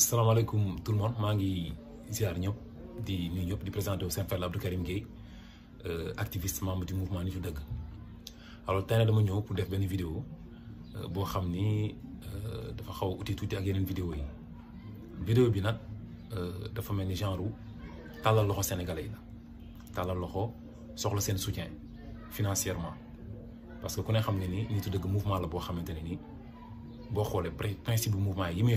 salaamaaleykum tout le monde Mangi ngi ziar ñëpp di nuyu di président au Saint-Père Abdou Karim Gueye euh, activiste membre du mouvement Nitu Dëgg alors tey dama ñëw pour def une vidéo euh, boo xam euh, dafa xaw a uti tuuti ak yeneen vidéo yi vidéo bi euh, dafa faire ni genre tàllal loxo sénégalais yi la tàllal loxo soxla seen soutien financièrement parce que ku ne xam ne ni Nitu Dëgg mouvement la boo xamante ne ni boo xoolee principe du mouvement yi muy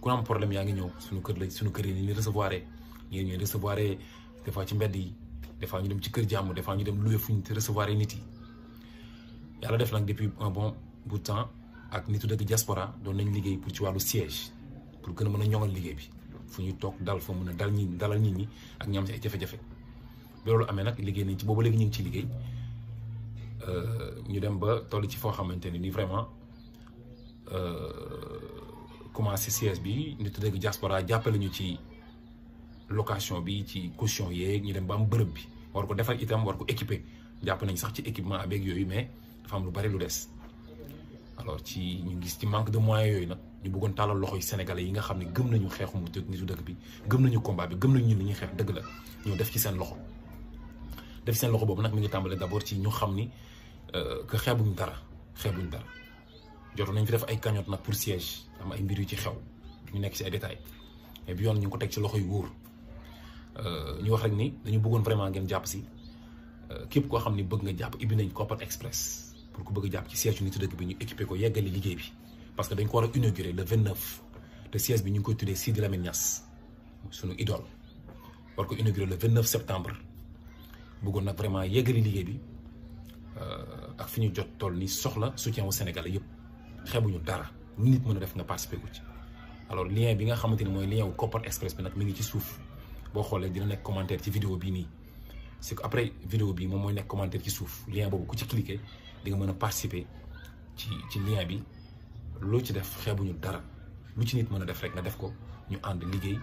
ku am problème yaa ngi ñëw suñu kër la suñu kër yi ni recevoir ñi ñi recevoir des fois ci mbéddi yi des fois ñu dem ci kër jamm des fois ñu dem louer fuñu ñu recevoir nit yi yàlla def nak depuis un bon bout de temps ak nitu dëkk diaspora do nañ liggéey pour ci walu siège pour gëna mëna ñongal liggéey bi fuñu tok dal fa mëna dal ñi dalal nit ñi ak ñam ci ay jafé jafé bi loolu amee nag liggéey nañ ci bobu léegi ñu ci liggéey euh ñu dem ba tollu ci fo xamanteni ni vraiment euh, commencé siège bi nit dëgg diaspora jàppale ñu ci location bi ci caution yeeg ñu dem ba am bërëb bi war ko defar itam war ko équiper jàpp nañ sax ci équipement abeeg yooyu mais dafa am lu bari lu des alors ci ñu gis ci manque de moyens yooyu nag ñu bëggoon tàllal loxoy sénégalais yi nga xam gëm nañu xeexu mu nitu dëkk bi gëm nañu combat bi gëm nañu ñun li ñuy xeex dëgg la ñoo def ci seen loxo def ci seen loxo boobu nag mi ngi d'abord ci ñu euh, dara dara jotoon nañ fi def ay cagnotte nag pour siège am ay mbir yu ci xew ñu nekk ci ay détails mais bi yoon ñu ko tek ci loxoy woor euh ñu wax rek ni dañu bëggoon vraiment ngeen japp ci euh képp ko xamni bëgg nga japp ibbi nañ Kopar Express pour ku bëgg japp ci siège yu nitu bi ñu équipé ko yeggali liggéey bi parce que dañ ko wara inaugurer le 29 te siège bi ñu ngi koy tuddee Sidi Lamine Niass suñu idole war ko inauguré le 29 septembre bëggoon nak vraiment yeggali liggéey bi euh ak fi ñu jot tol ni soxla soutien au Sénégal yëpp xébuñu dara lu nit mëna def nga participer ko ci alors lien bi nga xamanteni moy lien wu Kopar Express bi nak mi ngi ci souf bo xolé dina nek commentaire ci vidéo bi ni c'est que après vidéo bi mom moy nek commentaire ci souf lien bobu ku ci cliquer di nga mën participer ci ci lien bi lo ci def xébuñu dara lu ci nit mëna def rek nga def ko ñu and liggéey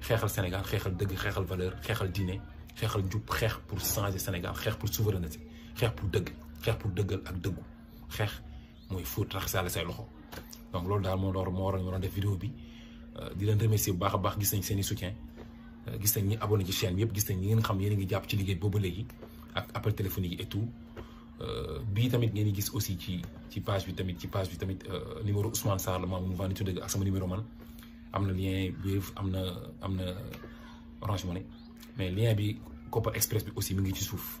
xéxal Sénégal xéxal dëgg xéxal valeur xéxal diine xéxal njub xéx pour changer Sénégal xéx pour souveraineté xéx pour dëgg xéx pour dëggal ak dëggu xéx mooy fóot raxasaale say loxo donc lolu dal mo door mo waroon ñu doon def vidéo bi euh, di leen remercier bu baax baax gis nañ seen soutien euh, gis nañ ñi abonné ci chaîne bi yëpp gis nañ ñi ngeen xam yéen ngi japp ci liggéey boobu léegi ak appel téléphonique et tout euh, bi tamit ngeen di gis aussi ci ci page bi tamit ci page bi tamit numéro Ousmane Sarr la ma mouvement Nittu Dëgg ak sama numéro man amna lien Wave amna amna Orange Money mais lien bi Copper Express bi aussi mi ngi ci suuf